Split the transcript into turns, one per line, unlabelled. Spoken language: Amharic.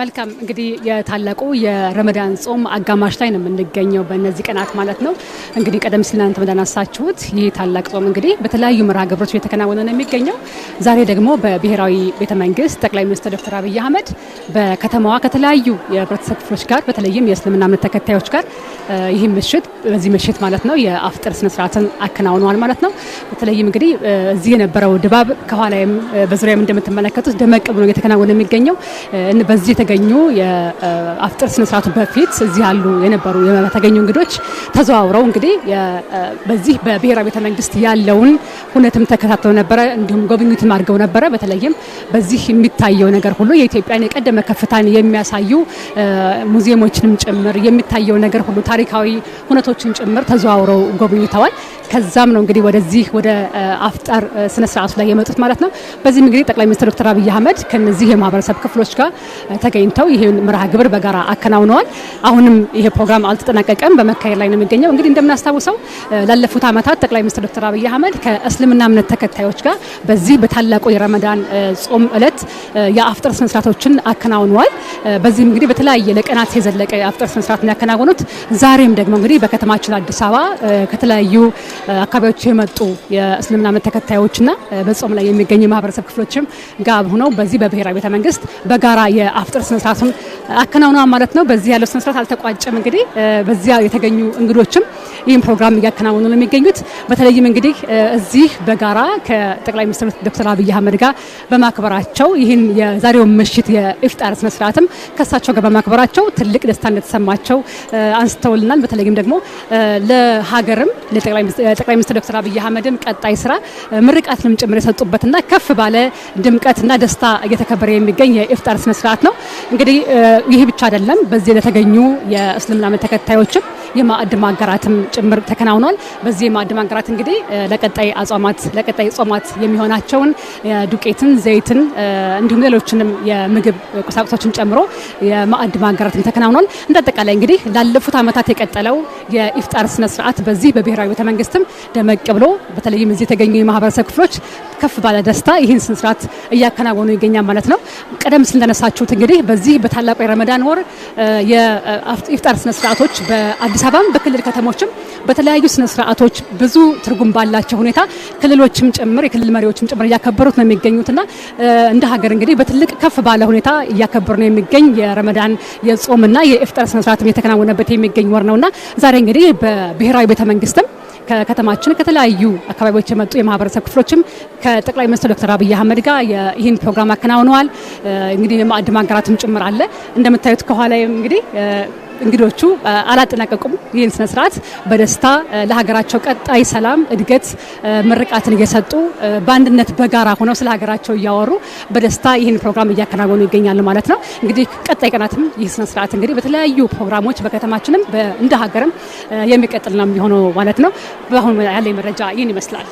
መልካም እንግዲህ የታላቁ የረመዳን ጾም አጋማሽ ላይ ነው የምንገኘው በእነዚህ ቀናት ማለት ነው። እንግዲህ ቀደም ሲል እናንተ እንዳነሳችሁት ይህ ታላቅ ጾም እንግዲህ በተለያዩ መርሃ ግብሮች እየተከናወነ ነው የሚገኘው። ዛሬ ደግሞ በብሔራዊ ቤተ መንግስት ጠቅላይ ሚኒስትር ዶክተር አብይ አህመድ በከተማዋ ከተለያዩ የህብረተሰብ ክፍሎች ጋር በተለይም የእስልምና እምነት ተከታዮች ጋር ይህ ምሽት በዚህ ምሽት ማለት ነው የአፍጥር ስነስርዓትን አከናውነዋል ማለት ነው። በተለይም እንግዲህ እዚህ የነበረው ድባብ ከኋላይም በዙሪያም እንደምትመለከቱት ደመቅ ብሎ እየተከናወነ የሚገኘው በዚህ የተገኙ የአፍጥር ስነስርዓቱ በፊት እዚህ ያሉ የነበሩ የተገኙ እንግዶች ተዘዋውረው እንግዲህ በዚህ በብሔራዊ ቤተ መንግስት ያለውን ሁነትም ተከታትለው ነበረ፣ እንዲሁም ጎብኝትም አድርገው ነበረ። በተለይም በዚህ የሚታየው ነገር ሁሉ የኢትዮጵያን የቀደመ ከፍታን የሚያሳዩ ሙዚየሞችንም ጭምር የሚታየው ነገር ሁሉ ታሪካዊ ሁነቶችን ጭምር ተዘዋውረው ጎብኝተዋል። ከዛም ነው እንግዲህ ወደዚህ ወደ አፍጠር ስነስርዓቱ ላይ የመጡት ማለት ነው። በዚህም እንግዲህ ጠቅላይ ሚኒስትር ዶክተር አብይ አህመድ ከነዚህ የማህበረሰብ ክፍሎች ጋር ተገኝተው ይህን መርሃ ግብር በጋራ አከናውነዋል። አሁንም ይሄ ፕሮግራም አልተጠናቀቀም፣ በመካሄድ ላይ ነው የሚገኘው። እንግዲህ እንደምናስታውሰው ላለፉት ዓመታት ጠቅላይ ሚኒስትር ዶክተር አብይ አህመድ ከእስልምና እምነት ተከታዮች ጋር በዚህ በታላቁ የረመዳን ጾም እለት የአፍጥር ስነስርዓቶችን አከናውነዋል። በዚህም እንግዲህ በተለያየ ለቀናት የዘለቀ የአፍጥር ስነስርዓት ያከናወኑት ዛሬም ደግሞ እንግዲህ በከተማችን አዲስ አበባ ከተለያዩ አካባቢዎች የመጡ የእስልምና እምነት ተከታዮችና በጾም ላይ የሚገኙ ማህበረሰብ ክፍሎችም ጋር ሆነው በዚህ በብሔራዊ ቤተ መንግስት በጋራ የአፍጥር ቁጥጥር ስነስርዓቱን አከናውነዋል ማለት ነው። በዚህ ያለው ስነስርዓት አልተቋጨም። እንግዲህ በዚያ የተገኙ እንግዶችም ይህም ፕሮግራም እያከናወኑ ነው የሚገኙት። በተለይም እንግዲህ እዚህ በጋራ ከጠቅላይ ሚኒስትር ዶክተር አብይ አህመድ ጋር በማክበራቸው ይህን የዛሬውን ምሽት የኢፍጣር ስነስርዓትም ከሳቸው ጋር በማክበራቸው ትልቅ ደስታ እንደተሰማቸው አንስተውልናል። በተለይም ደግሞ ለሀገርም ለጠቅላይ ሚኒስትር ዶክተር አብይ አህመድም ቀጣይ ስራ ምርቃትንም ጭምር የሰጡበትና ከፍ ባለ ድምቀትና ደስታ እየተከበረ የሚገኝ የኢፍጣር ስነስርዓት ነው። እንግዲህ ይህ ብቻ አይደለም። በዚህ ለተገኙ የእስልምና እምነት ተከታዮችም የማዕድ ማጋራትም ጭምር ተከናውኗል። በዚህ የማዕድ ማጋራት እንግዲህ ለቀጣይ አጽዋማት ለቀጣይ ጾማት የሚሆናቸውን ዱቄትን፣ ዘይትን እንዲሁም ሌሎችንም የምግብ ቁሳቁሶችን ጨምሮ የማዕድ ማጋራትም ተከናውኗል። እንደ አጠቃላይ እንግዲህ ላለፉት ዓመታት የቀጠለው የኢፍጣር ስነ ስርዓት በዚህ በብሔራዊ ቤተ መንግስትም ደመቅ ብሎ በተለይም እዚህ የተገኙ የማህበረሰብ ክፍሎች ከፍ ባለ ደስታ ይህን ስነ ስርዓት እያከናወኑ ይገኛል ማለት ነው። ቀደም ሲል እንደነሳችሁት እንግዲህ በዚህ በታላቁ የረመዳን ወር የኢፍጣር ስነ ስርዓቶች በአዲስ በአዲስ አበባም በክልል ከተሞችም በተለያዩ ስነ ስርዓቶች ብዙ ትርጉም ባላቸው ሁኔታ ክልሎችም ጭምር የክልል መሪዎችም ጭምር እያከበሩት ነው የሚገኙትና እንደ ሀገር እንግዲህ በትልቅ ከፍ ባለ ሁኔታ እያከበሩ ነው የሚገኝ የረመዳን የጾምና የኢፍጣር ስነ ስርዓትም እየተከናወነበት የሚገኝ ወር ነውና ዛሬ እንግዲህ በብሔራዊ ቤተ መንግስትም ከከተማችን ከተለያዩ አካባቢዎች የመጡ የማህበረሰብ ክፍሎችም ከጠቅላይ ሚኒስትር ዶክተር አብይ አህመድ ጋር ይህን ፕሮግራም አከናውነዋል። እንግዲህ የማዕድ ማጋራትም ጭምር አለ። እንደምታዩት ከኋላ እንግዲህ እንግዶቹ አላጠናቀቁም። ይህን ስነ ስርዓት በደስታ ለሀገራቸው ቀጣይ ሰላም፣ እድገት ምርቃትን እየሰጡ በአንድነት በጋራ ሆነው ስለ ሀገራቸው እያወሩ በደስታ ይህን ፕሮግራም እያከናወኑ ይገኛሉ ማለት ነው። እንግዲህ ቀጣይ ቀናትም ይህ ስነ ስርዓት እንግዲህ በተለያዩ ፕሮግራሞች በከተማችንም እንደ ሀገርም የሚቀጥል ነው የሚሆነው ማለት ነው። በአሁኑ ያለኝ መረጃ ይህን ይመስላል።